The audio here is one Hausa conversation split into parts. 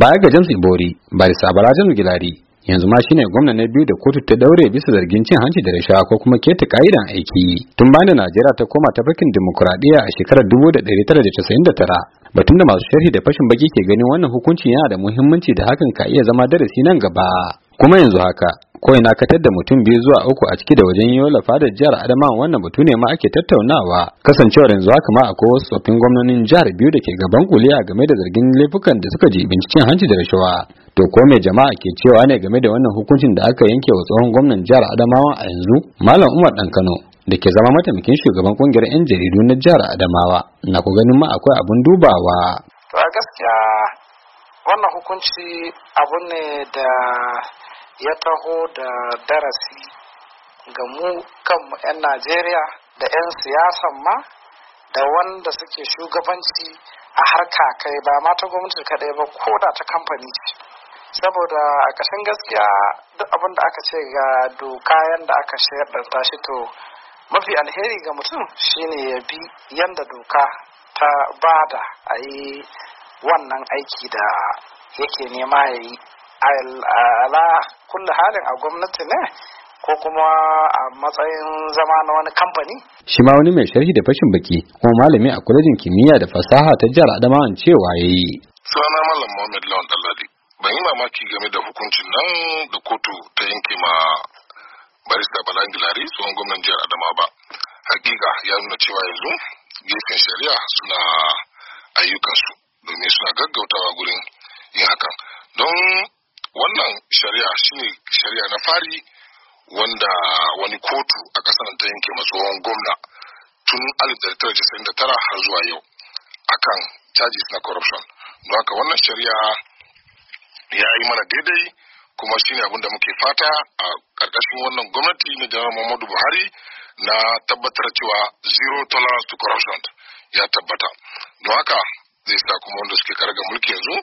baya ga James Ibori sabara jamsi Gilari yanzu ma shine gwamna na biyu da kotu ta daure bisa zargin cin hanci da rashawa ko kuma keta ka'idan aiki tun bayan Najeriya ta koma ta fakin demokuraɗiyya a shekarar dubu da casa'in tara batun da masu sharhi da fashin baki ke ganin wannan hukuncin yana da muhimmanci da hakan ka iya zama darasi nan gaba kuma yanzu haka ko ina katar da mutum biyu zuwa uku a ciki da wajen lafa da jihar adamawa wannan batu ne ma ake tattaunawa kasancewar yanzu haka ma akwai wasu tsoffin gwamnonin jihar biyu da ke gaban kuliya game da zargin laifukan da suka je binciken hanci da rashawa to ko mai jama'a ke cewa ne game da wannan hukuncin da aka yanke wa tsohon gwamnan jihar adamawa a yanzu malam umar dan kano da ke zama mataimakin shugaban kungiyar 'yan jaridu na jihar adamawa na ku ganin ma akwai abun dubawa to gaskiya wannan hukunci abu ne da ya taho da darasi ga mu kanmu 'yan najeriya da 'yan siyasan ma da wanda suke shugabanci a harka kai ba mata gwamnati kaɗai ba ko da ta kamfani ce saboda a ƙashin gaskiya duk abin da aka ce ga doka yadda aka da shi to mafi alheri ga mutum shine ya bi yadda doka ta bada a yi wannan aiki da yake nema ya yi ala kulle halin a gwamnati ne ko kuma a matsayin zama na wani kamfani. Shi ma wani mai sharhi da fashin baki kuma malami a kwalejin kimiyya da fasaha ta jihar Adamawa cewa ya yi. Sana Malam Mohamed Lawan Dalladi ban yi mamaki game da hukuncin nan da kotu ta yanke ma barista Balangilari tsohon gwamnan jihar Adamawa ba. Hakika ya nuna cewa yanzu gefen shari'a suna ayyukansu. domin suna gaggautawa gurin yin hakan don wannan shari'a shine shari'a na fari wanda wani kotu a kasar ta yanke matsohon gwamna tun 1999 har zuwa yau akan charges na corruption don haka wannan shari'a ya yi mana daidai kuma shine abin da muke fata a ƙarƙashin wannan gwamnati na janar muhammadu buhari na tabbatar cewa zero tolerance to corruption ya tabbata don haka zai sa kuma wanda suke karga mulki yanzu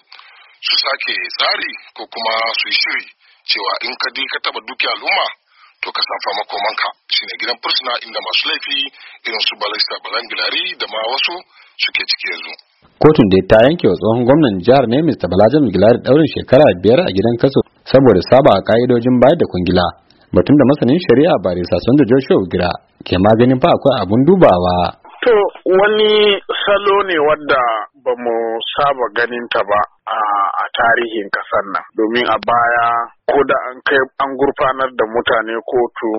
su sake tsari ko kuma su yi shiri cewa in ka di ka taba duki al'umma to ka san fama komanka shine gidan fursuna inda masu laifi irin su balista balangilari da ma wasu suke ciki yanzu kotun da ta yanke wa tsohon gwamnan jihar ne mista balajan gilari daurin shekara biyar a gidan kaso saboda saba a ka'idojin bayar da kungila batun da masanin shari'a barisa sun da joshua gira ke maganin fa akwai abun dubawa to wani salo ne wadda ba mu saba ganin ta ba a tarihin ƙasar nan domin a baya ko da an kai an gurfanar da mutane kotu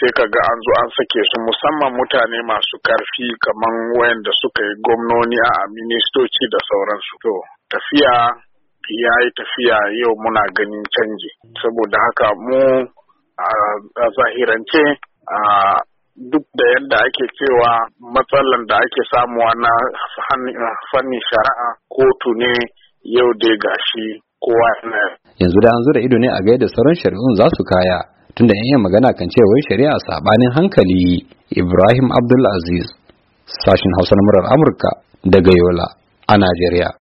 sai ka ga an zo an sake su musamman mutane masu karfi kamar wayanda suka yi gwamnoni a ministoci da sauransu to tafiya ya yi tafiya yau muna ganin canji saboda haka mu a zahirance a duk da yadda ake cewa matsalan da ake samuwa na fannin shari'a kotu ne yau dai gashi kowa yanzu da an zura ido ne a yadda sauran shari'un za su kaya tunda yan magana kan cewar shari'a sabanin hankali ibrahim abdulaziz sashin hausa na murar amurka daga yola a najeriya